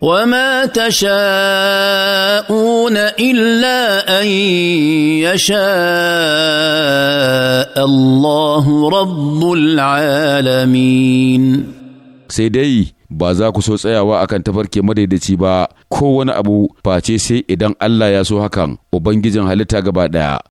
وما تشاءون الا ان يشاء الله رب العالمين sai dai ba za ku so tsayawa akan tafarke madaidaci ba ko wani abu face sai idan Allah ya so hakan ubangijin halitta gaba ɗaya